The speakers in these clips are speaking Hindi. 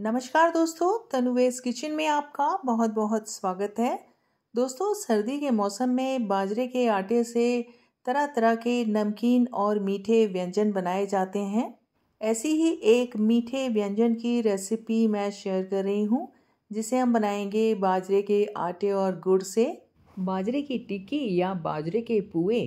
नमस्कार दोस्तों तनुवेज किचन में आपका बहुत बहुत स्वागत है दोस्तों सर्दी के मौसम में बाजरे के आटे से तरह तरह के नमकीन और मीठे व्यंजन बनाए जाते हैं ऐसी ही एक मीठे व्यंजन की रेसिपी मैं शेयर कर रही हूँ जिसे हम बनाएंगे बाजरे के आटे और गुड़ से बाजरे की टिक्की या बाजरे के पुए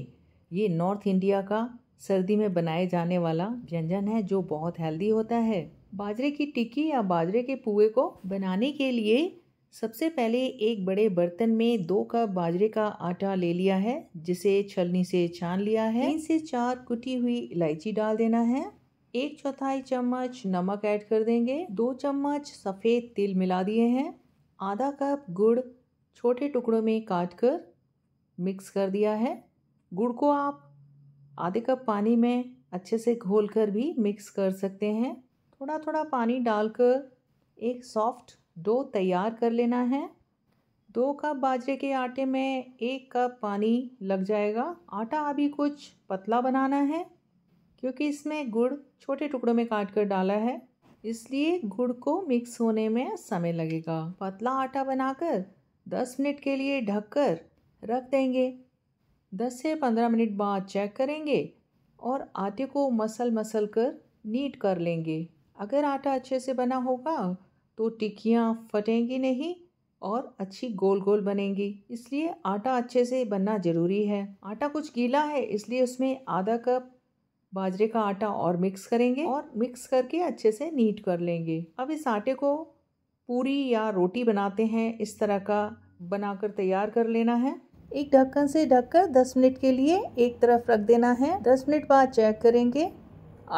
ये नॉर्थ इंडिया का सर्दी में बनाए जाने वाला व्यंजन है जो बहुत हेल्दी होता है बाजरे की टिक्की या बाजरे के पुए को बनाने के लिए सबसे पहले एक बड़े बर्तन में दो कप बाजरे का आटा ले लिया है जिसे छलनी से छान लिया है तीन से चार कुटी हुई इलायची डाल देना है एक चौथाई चम्मच नमक ऐड कर देंगे दो चम्मच सफ़ेद तिल मिला दिए हैं आधा कप गुड़ छोटे टुकड़ों में काट कर मिक्स कर दिया है गुड़ को आप आधे कप पानी में अच्छे से घोल कर भी मिक्स कर सकते हैं थोड़ा थोड़ा पानी डालकर एक सॉफ्ट डो तैयार कर लेना है दो कप बाजरे के आटे में एक कप पानी लग जाएगा आटा अभी कुछ पतला बनाना है क्योंकि इसमें गुड़ छोटे टुकड़ों में काट कर डाला है इसलिए गुड़ को मिक्स होने में समय लगेगा पतला आटा बनाकर दस मिनट के लिए ढककर रख देंगे दस से पंद्रह मिनट बाद चेक करेंगे और आटे को मसल मसल कर नीट कर लेंगे अगर आटा अच्छे से बना होगा तो टिक्कियाँ फटेंगी नहीं और अच्छी गोल गोल बनेंगी इसलिए आटा अच्छे से बनना ज़रूरी है आटा कुछ गीला है इसलिए उसमें आधा कप बाजरे का आटा और मिक्स करेंगे और मिक्स करके अच्छे से नीट कर लेंगे अब इस आटे को पूरी या रोटी बनाते हैं इस तरह का बनाकर तैयार कर लेना है एक ढक्कन से ढककर 10 मिनट के लिए एक तरफ रख देना है 10 मिनट बाद चेक करेंगे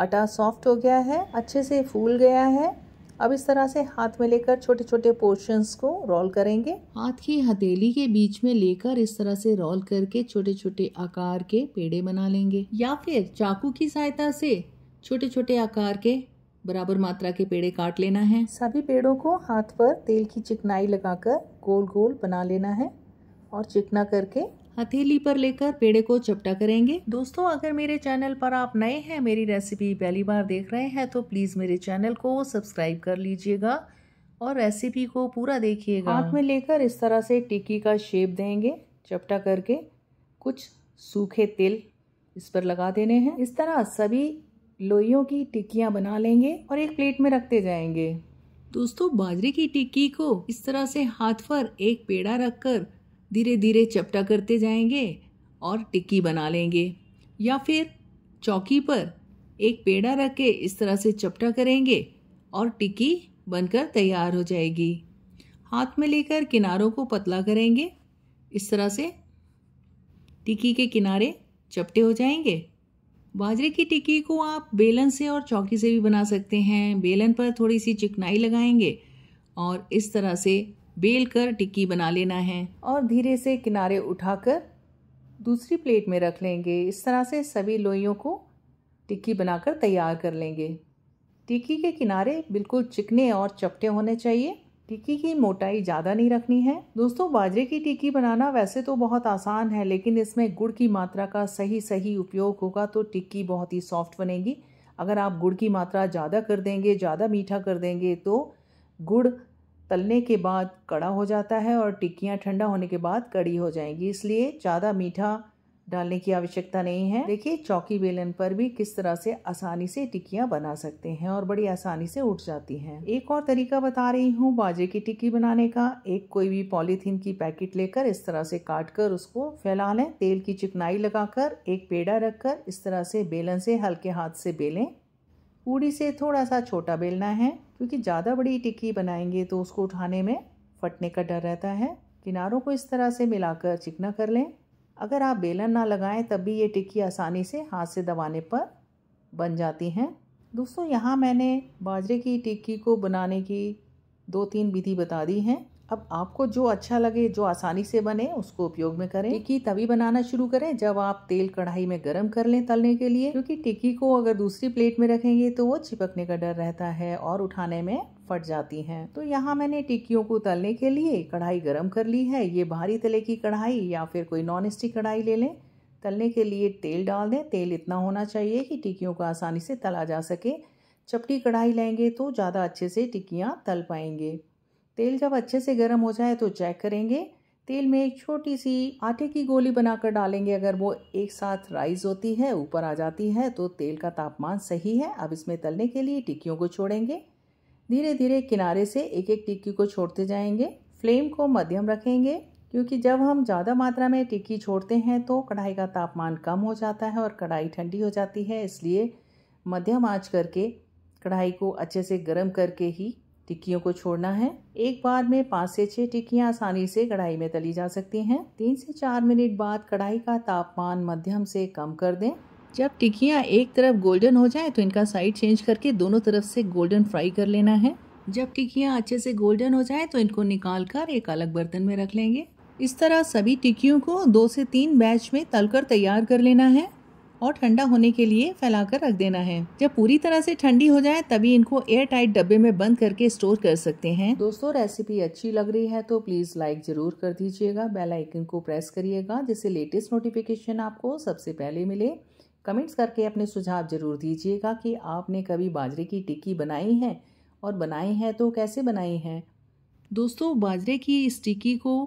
आटा सॉफ्ट हो गया है अच्छे से फूल गया है अब इस तरह से हाथ में लेकर छोटे छोटे पोर्शंस को रोल करेंगे हाथ की हथेली के बीच में लेकर इस तरह से रोल करके छोटे छोटे आकार के पेड़े बना लेंगे या फिर चाकू की सहायता से छोटे छोटे आकार के बराबर मात्रा के पेड़े काट लेना है सभी पेड़ों को हाथ पर तेल की चिकनाई लगाकर गोल गोल बना लेना है और चिकना करके हथेली पर लेकर पेड़े को चपटा करेंगे दोस्तों अगर मेरे चैनल पर आप नए हैं मेरी रेसिपी पहली बार देख रहे हैं तो प्लीज़ मेरे चैनल को सब्सक्राइब कर लीजिएगा और रेसिपी को पूरा देखिएगा हाथ में लेकर इस तरह से टिक्की का शेप देंगे चपटा करके कुछ सूखे तिल इस पर लगा देने हैं इस तरह सभी लोइयों की टिक्कियाँ बना लेंगे और एक प्लेट में रखते जाएंगे दोस्तों बाजरे की टिक्की को इस तरह से हाथ पर एक पेड़ा रखकर धीरे धीरे चपटा करते जाएंगे और टिक्की बना लेंगे या फिर चौकी पर एक पेड़ा रख के इस तरह से चपटा करेंगे और टिक्की बनकर तैयार हो जाएगी हाथ में लेकर किनारों को पतला करेंगे इस तरह से टिक्की के किनारे चपटे हो जाएंगे बाजरे की टिक्की को आप बेलन से और चौकी से भी बना सकते हैं बेलन पर थोड़ी सी चिकनाई लगाएंगे और इस तरह से बेल कर टिक्की बना लेना है और धीरे से किनारे उठाकर दूसरी प्लेट में रख लेंगे इस तरह से सभी लोइयों को टिक्की बनाकर तैयार कर लेंगे टिक्की के किनारे बिल्कुल चिकने और चपटे होने चाहिए टिक्की की मोटाई ज़्यादा नहीं रखनी है दोस्तों बाजरे की टिक्की बनाना वैसे तो बहुत आसान है लेकिन इसमें गुड़ की मात्रा का सही सही उपयोग होगा तो टिक्की बहुत ही सॉफ्ट बनेगी अगर आप गुड़ की मात्रा ज़्यादा कर देंगे ज़्यादा मीठा कर देंगे तो गुड़ तलने के बाद कड़ा हो जाता है और टिक्कियाँ ठंडा होने के बाद कड़ी हो जाएंगी इसलिए ज़्यादा मीठा डालने की आवश्यकता नहीं है देखिए चौकी बेलन पर भी किस तरह से आसानी से टिक्कियाँ बना सकते हैं और बड़ी आसानी से उठ जाती हैं एक और तरीका बता रही हूँ बाजे की टिक्की बनाने का एक कोई भी पॉलीथीन की पैकेट लेकर इस तरह से काट कर उसको फैला लें तेल की चिकनाई लगाकर एक पेड़ा रखकर इस तरह से बेलन से हल्के हाथ से बेलें पूड़ी से थोड़ा सा छोटा बेलना है क्योंकि ज़्यादा बड़ी टिक्की बनाएंगे तो उसको उठाने में फटने का डर रहता है किनारों को इस तरह से मिलाकर चिकना कर लें अगर आप बेलन ना लगाएं तब भी ये टिक्की आसानी से हाथ से दबाने पर बन जाती हैं दोस्तों यहाँ मैंने बाजरे की टिक्की को बनाने की दो तीन विधि बता दी हैं अब आपको जो अच्छा लगे जो आसानी से बने उसको उपयोग में करें टिक्की तभी बनाना शुरू करें जब आप तेल कढ़ाई में गर्म कर लें तलने के लिए क्योंकि टिक्की को अगर दूसरी प्लेट में रखेंगे तो वो चिपकने का डर रहता है और उठाने में फट जाती हैं तो यहाँ मैंने टिक्कियों को तलने के लिए कढ़ाई गर्म कर ली है ये भारी तले की कढ़ाई या फिर कोई नॉन स्टिक कढ़ाई ले लें तलने के लिए तेल डाल दें तेल इतना होना चाहिए कि टिक्कियों को आसानी से तला जा सके चपटी कढ़ाई लेंगे तो ज़्यादा अच्छे से टिक्कियाँ तल पाएंगे तेल जब अच्छे से गर्म हो जाए तो चेक करेंगे तेल में एक छोटी सी आटे की गोली बनाकर डालेंगे अगर वो एक साथ राइज होती है ऊपर आ जाती है तो तेल का तापमान सही है अब इसमें तलने के लिए टिक्कियों को छोड़ेंगे धीरे धीरे किनारे से एक एक टिक्की को छोड़ते जाएंगे फ्लेम को मध्यम रखेंगे क्योंकि जब हम ज़्यादा मात्रा में टिक्की छोड़ते हैं तो कढ़ाई का तापमान कम हो जाता है और कढ़ाई ठंडी हो जाती है इसलिए मध्यम आँच करके कढ़ाई को अच्छे से गर्म करके ही टिक्कियों को छोड़ना है एक बार में पाँच से छः टिक्कियाँ आसानी से कढ़ाई में तली जा सकती हैं तीन से चार मिनट बाद कढ़ाई का तापमान मध्यम से कम कर दें जब टिक्कियाँ एक तरफ गोल्डन हो जाए तो इनका साइड चेंज करके दोनों तरफ से गोल्डन फ्राई कर लेना है जब टिक्कियाँ अच्छे से गोल्डन हो जाए तो इनको निकाल कर एक अलग बर्तन में रख लेंगे इस तरह सभी टिक्कियों को दो से तीन बैच में तलकर तैयार कर लेना है और ठंडा होने के लिए फैलाकर रख देना है जब पूरी तरह से ठंडी हो जाए तभी इनको एयर टाइट डब्बे में बंद करके स्टोर कर सकते हैं दोस्तों रेसिपी अच्छी लग रही है तो प्लीज लाइक जरूर कर दीजिएगा बेल आइकन को प्रेस करिएगा जिससे लेटेस्ट नोटिफिकेशन आपको सबसे पहले मिले कमेंट्स करके अपने सुझाव जरूर दीजिएगा कि आपने कभी बाजरे की टिक्की बनाई है और बनाई है तो कैसे बनाई है दोस्तों बाजरे की इस टिक्की को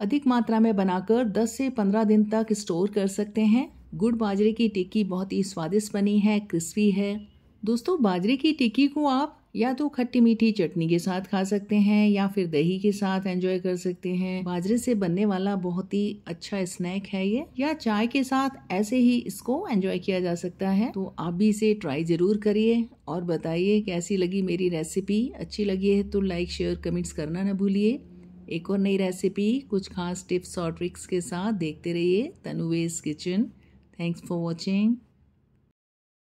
अधिक मात्रा में बनाकर 10 से 15 दिन तक स्टोर कर सकते हैं गुड़ बाजरे की टिक्की बहुत ही स्वादिष्ट बनी है क्रिस्पी है दोस्तों बाजरे की टिक्की को आप या तो खट्टी मीठी चटनी के साथ खा सकते हैं या फिर दही के साथ एंजॉय कर सकते हैं बाजरे से बनने वाला बहुत ही अच्छा स्नैक है ये या चाय के साथ ऐसे ही इसको एंजॉय किया जा सकता है तो आप भी इसे ट्राई जरूर करिए और बताइए कैसी लगी मेरी रेसिपी अच्छी लगी है तो लाइक शेयर कमेंट्स करना ना भूलिए एक और नई रेसिपी कुछ खास टिप्स और ट्रिक्स के साथ देखते रहिए तनुवेज किचन Thanks for watching.